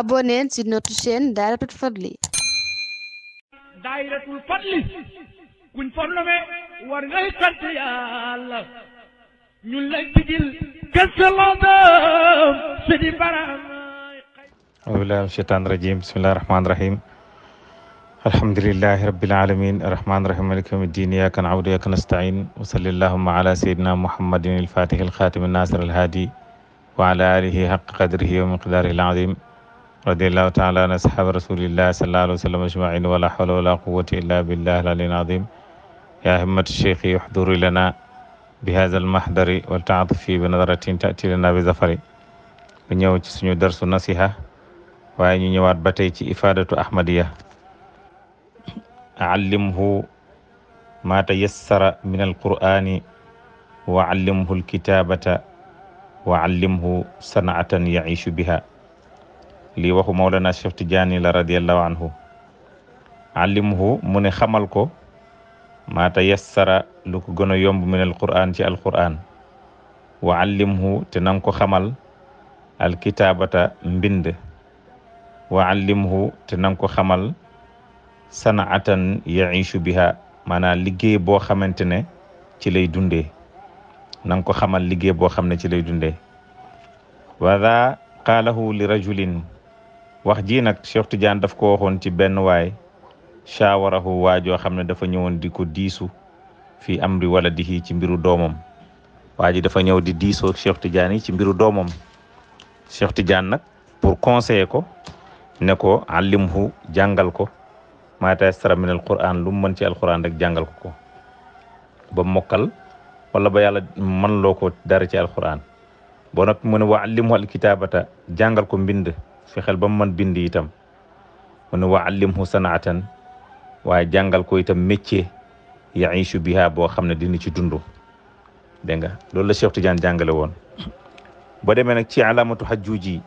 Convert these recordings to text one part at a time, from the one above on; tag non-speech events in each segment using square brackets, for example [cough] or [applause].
abonnez sur notre chaîne Dahiratoul Fadly Dahiratoul Fadly kuñ fornome war ngay sant yàlla ñun lay tigil kësalaadam si di baram abillahi sheytaan rajim bismillahi rahmaani rahim alhamdulilahi rabbil alamin arrahmaani rahim maliki yawmi ddin iyyaka na'budu wa iyyaka nasta'in wa salli allahumma ala sayyidina muhammadin al-fatihi al-khatim an-nasir al-hadi wa ala alihi haqqa qadrihi wa miqdarihi al-azim radiallahu taala an asxaaba rasulillah sallallahu alayhi wa sallam ajmain wala hawla wala quwata illa billah lalin azim ya himmat cheikhi uxduri lana bi hada almahdari wal taatufi bi nadaratin taati lana bi zafari bu ñëw ci suñu darsu nasiha waaye ñu ñëwaat ba tey ci ifadatu ahmadiya allimhu ma tayassara min alqur'ani wa allimhu alkitabata wa allimhu sanaatan yaishu biha lii waxu Mawlana Cheikh Tidiane la radiallahu anhu allimhu mu ne xamal ko maa tayassara lu ko gën a yomb min alquran ci alquran wa allimhu te nanga ko xamal alkitaabata mbind wa allimhu te nanga ko xamal sanaatan yaishu biha maanaam liggéey boo xamante ne ci lay dunde na ko xamal liggéey boo xam ne ci lay dundee wada qaalahu li rajulin wax ji nag Cheikh Tidiane daf ko waxoon ci benn waay shaawarahu waajoo xam ne dafa ñëwoon di ko diisu fii amri wala dihi ci mbiru doomam waa ji dafa ñëw di diisoo Cheikh ci mbiru doomam Cheikh Tidiane nag pour conseiller ko ne ko allimhu jàngal ko maa tayassara min alquran lu mu mën ci rek jàngal ko ko ba mokkal wala ba yàlla mën loo ko dara ci alquran boo nag wa allimhu alkitabata jàngal ko mbind fexeel ba mu man bind itam mu ne wa allimhu sanaatan waaye jàngal ko itam métier yaishu biha boo xam ne dina ci dund dégg nga loolu la Cheikh Tidiane jàngale woon boo demee nag ci alaamatu xajjuuji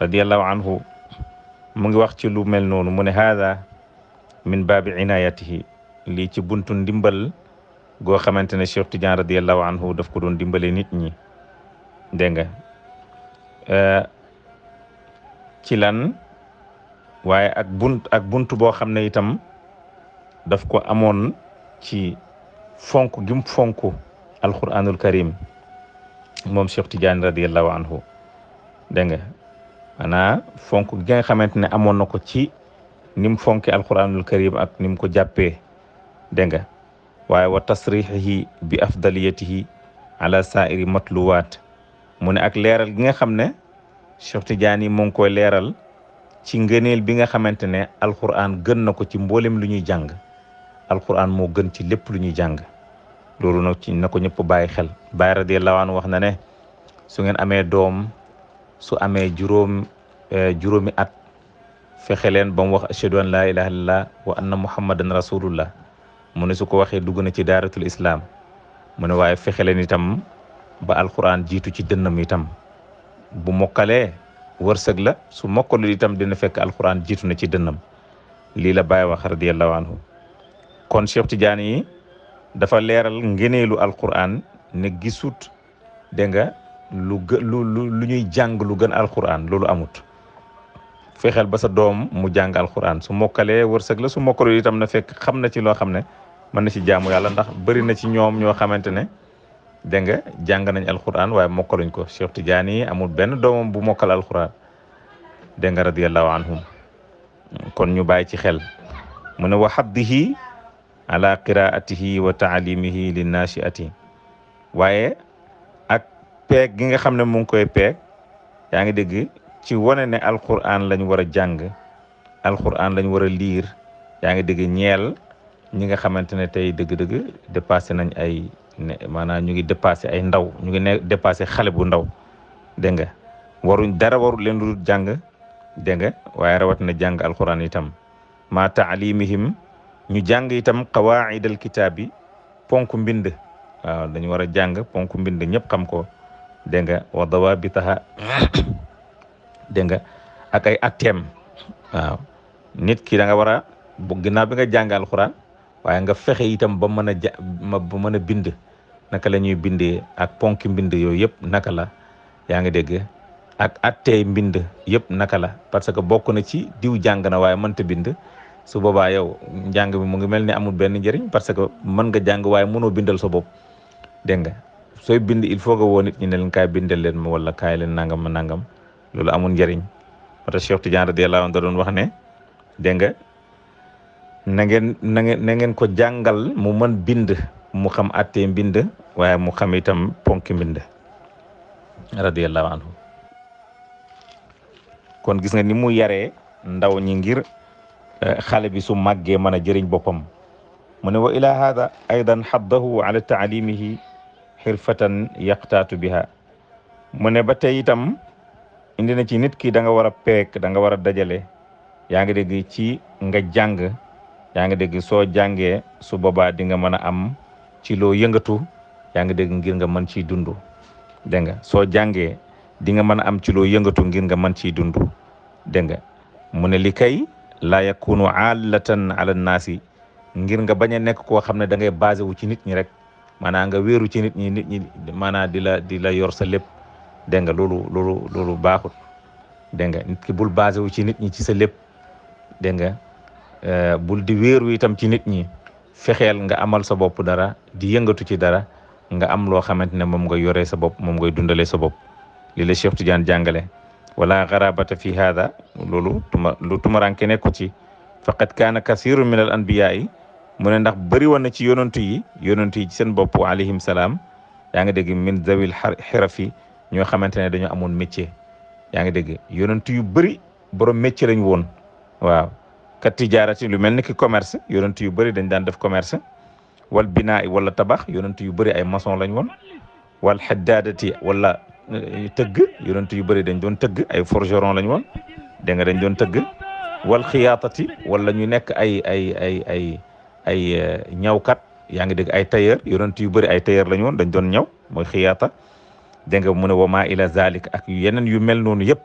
radiallahu anhu mu ngi wax ci lu mel noonu mu ne haada min baabi inayatihi lii ci buntu ndimbal goo xamante ne Cheikh Tidiane radiallahu anhu daf ko doon dimbale nit ñi dégg nga euh, ci lan waaye ak bunt ak bunt boo xam ne itam daf ko amoon ci fonk gim fonk alquranul karim moom Cheikh Tidiane radiallahu anhu dégg nga maanaa fonk gi nga xamante ne amoon na ko ci ni mu fonke alquranul karim ak ni ko jàppee dégg nga waaye wa tasrixihi bi afdaliyatihi ala saairi matluwaat mu ak leeral gi xam ne Cheikh Tidiane mu ngi koy leeral ci ngëneel bi nga xamante ne alxuraan gën na ko ci mboolem lu ñuy jàng alxuraan moo gën ci lépp lu ñuy jàng loolu nag ci na ko ñëpp bàyyi xel Baay radiyallaahu anhu wax na ne su ngeen amee doom su amee juróom eh, juróomi at fexe leen ba wax ashhadu an laa ilaaha illallaah wa anna muhammadan rasulullah mu ne su ko waxee dugg na ci daaratul islaam mu ne waaye fexe leen itam ba alxuraan jiitu ci dënnam itam bu mokkalee wërsëg la su mokkalul itam dina fekk alxuraan jiitu na ci dënnam lii la Baye wax radiyallahu anhu kon Cheikh Tidiane yi dafa leeral ngeneelu alxuraan ne gisut dégg nga lu gë lu ñuy jàng lu gën alxuraan loolu amut fexeel ba sa doom mu jàng alxuraan su mokkalee wërsëg la su mokkalul itam na fekk xam na ci loo xam ne mën na ci jaamu yàlla ndax bëri na ci ñoom ñoo xamante ne. dégg nga jàng nañ alquran waaye mokkaluñ ko Cheikh Tidiane amul benn doomam bu mokkal alquran dégg nga radiallahu anhum kon ñu bàyyi ci xel mu ne wa xaddihi ala qiraatihi wa taalimihi li nachiati waaye ak peeg gi nga xam ne mu ngi koy peeg yaa ngi dégg ci wane ne alquran lañ war a jàng alquran lañ war a liir yaa ngi dégg ñeel ñi nga xamante ne tey dëgg-dëgg dépassé nañ ay ne ñu ngi dépassé ay ndaw ñu ngi ne dépassé xale bu ndaw dégg nga waruñ dara waru leen lu jàng dégg nga waaye rawatina jàng alquran itam ma taalimihim ñu jàng itam qawaid al kitaab yi ponk mbind dañu war a jàng ponk mbind ñëpp xam ko dégg nga wa dawabitaha dégg nga akay ay nit ki da nga war a bu ginnaaw bi nga jàng alquran waaye nga fexe itam ba mën a ja ba mën a bind naka la ñuy bindee ak ponki mbind yooyu yëpp naka la yaa ngi dégg ak attey mbind yëpp naka la parce que bokk na ci diw jàng na waaye mënta bind su boobaa yow njàng bi mu ngi mel ni amul benn njëriñ parce que mën nga jàng waaye mënoo bindal sa bopp dégg nga sooy bind il faut nga woo nit ñi ne leen kaay bindal leen ma wala kaay leen nangam ma nangam loolu amul njariñ moo tax Cheikh Tidiane radiyallahu anhu da doon wax ne dégg nga na ngeen ngeen ko jàngal mu man bind mu xam àttee mbind waaye mu xam itam ponk mbind radiyallahu anhu kon gis nga ni mu yaree ndaw ñi ngir eh, xale bi su màggee mën a jëriñ boppam mu ne wa ila hada aydan xaddahu ala taalimihi xirfatan yaqtaatu biha mu ne ba tey itam indi na ci nit ki danga nga war a peek danga nga war a dajale yaa ngi dégg ci nga jàng yaa ngi dégg soo jàngee su boobaa di nga mën a am cilo loo yëngatu yaa ngi dégg ngir nga mën ciy dund dégg nga soo jàngee di nga mën a am ci loo yëngatu ngir nga mën ciy dund dégg nga mu ne li kay laa yakunu aalatan ala ngir nga bañ a nekk koo xam ne da basé wu ci nit ñi rek maanaam nga wéeru ci nit ñi nit ñi maanaam di la di la yor sa lépp dégg nga loolu loolu loolu baaxut dégg basé wu ci nit ñi ci sa lépp dégg nga Eh, bul di wéeru itam ci nit ñi fexeel nga amal sa bopp dara di yëngatu ci dara nga am loo xamante ne moom ngay yoree sa bopp moom ngay dundalee sa bopp li la Cheikh Tidiane jàngale wala garabata fi hada loolu tuma lu tumaranke nekku ci faqad kaana kasirun min al anbiya yi mu ne ndax bëri woon na ci yonantu yi yonantu yi ci seen bopp alayhim salaam yaa ngi dégg min zawil xiraf ñoo xamante ne dañoo amoon métier yaa ngi dégg yonantu yu bëri borom métier lañ woon waaw ka tijaarati lu mel ni ki commerce yonent yu bëri dañ daan def commerce wal binaa wala tabax yonent yu bëri ay mason lañ woon wal xaddaadati wala eh, tëgg yonent yu bëri dañ doon tëgg ay forgeron lañ woon da nga dañ doon tëgg wal xiyaatati wala ñu nekk ay ay ay ay ay eh, ñawkat yaa ngi dégg ay tailleur yonent yu bëri ay tailleur lañ woon dañ doon ñaw mooy xiyaata da nga mu ne wa maa ila zalik ak yeneen yu mel noonu yëpp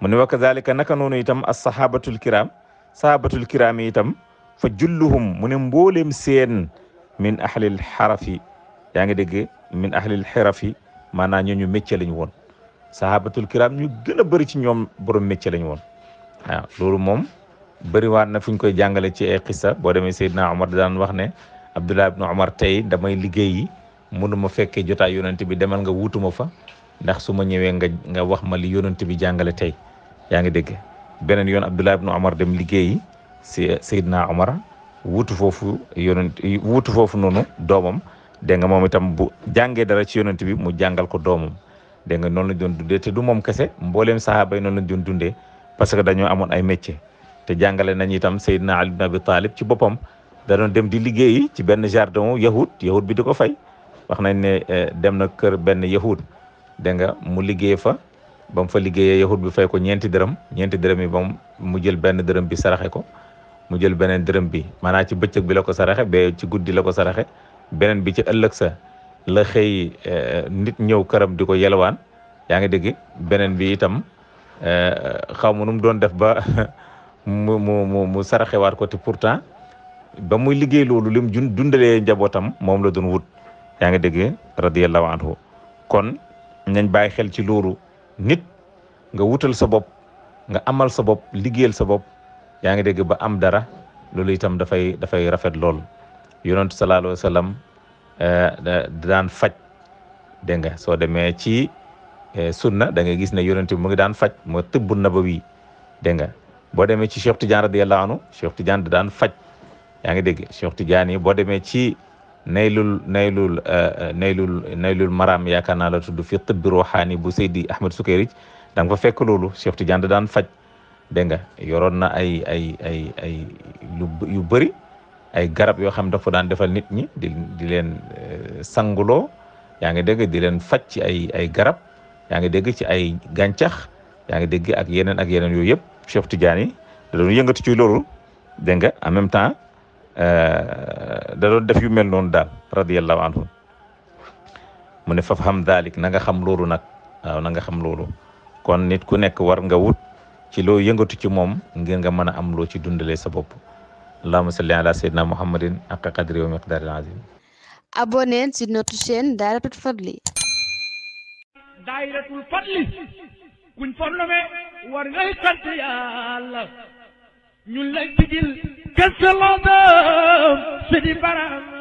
mu ne wa kazalika naka noonu itam as sahabatul kiram saabatul kiraami itam fa julluhum mu ne mbooleem seen min ahlil xarafi yaa ngi dégg min ahlil xarafi maanaam ñooñu métier lañ woon sahabatul kiram ñu gën a bëri ci ñoom borom métier lañ woon waaw loolu moom bëriwaat na fu ñu koy jàngale ci ay xissa boo demee Seydina Omar daan wax ne Abdullah ibn Omar tey damay liggéeyi mënu ma fekkee jotaay yonent bi demal nga wutuma fa ndax su ma ñëwee nga nga wax ma li yonent bi jàngale tey yaa ngi dégg beneen yoon Abdullah ibn amar dem liggéeyi si Seydina Omar wutu foofu yonent wutu foofu noonu doomam dégg moom itam bu jàngee dara ci yonent bi mu jàngal ko doomam dégg nga noonu lañ doon dundee te du moom kese mbooleem sahaaba yi noonu lañ doon dundee parce que dañoo amoon ay métier te jàngale nañ itam Seydina Ali ibn Abi Talib ci boppam da doon dem di liggéeyi ci benn jardin yahud yahud bi di ko fay wax nañ ne eh, dem na kër benn yahud dégg nga mu liggéey fa ba fa liggéeyee yahut bi fay ko ñeenti dërëm ñeenti dërëm yi ba mu jël benn dërëm bi saraxe ko mu jël beneen dërëm bi maanaam ci bëccëg bi la ko saraxe be ci guddi la ko saraxe beneen bi ci ëllëg sa la xëy eh, nit ñëw këram di ko yelwaan yaa ngi dégg beneen bi itam eh, xaw ma nu mu doon def ba [laughs] mu mu mu saraxewaat ko te pourtant ba muy liggéey loolu lim jun dundalee njabootam moom la doon wut yaa ngi dégg radiyallahu anhu kon nañ bàyyi xel ci loolu nit nga wutal sa bopp nga amal sa bopp liggéeyal sa bopp yaa ngi dégg ba am dara loolu itam dafay dafay rafet lool yonent sallallahu alayhi wa sallam eh, daan faj dégg nga soo demee ci eh, sunna da nga gis ne yonent bi mu ngi daan faj moo tëbbu nabawi dégg nga boo demee ci Cheikh Tidiane radiyallahu anhu Cheikh Tidiane daan faj yaa ngi dégg Cheikh Tidiane yi demee ci naylul naylul uh, uh, naylul naylul maram yaakaar naa la tudd fi tibbi ruhaani bu Seydi Ahmed Sukayrij da nga fa fekk loolu Cheikh Tidiane daan faj dégg nga yoroon na ay ay ay ay yu bëri ay garab yoo xam dafa daan defal nit ñi di di leen uh, sanguloo yaa ngi dégg di leen faj ci ay ay garab yaa ngi dégg ci ay gàncax yaa ngi dégg ak yeneen ak yeneen yooyu yëpp Cheikh Tidiane yi da yëngatu ci loolu dégg nga en même temps Euh, da doon def yu mel noonu daal radiyallahu anhu mu ne faf xam daalik na xam loolu nag na nga xam loolu kon nit ku nekk war nga wut ci loo yëngatu ci moom ngir nga mën a am loo ci dundalee sa bopp allahumma salli ala sayyidina muhammadin haqqa qadri wa miqdaril azim abonnez sur notre chaîne Dahiratoul Fadly Dahiratoul Fadly kuñ formé war ngay sant yàlla ñu la digil kese la doon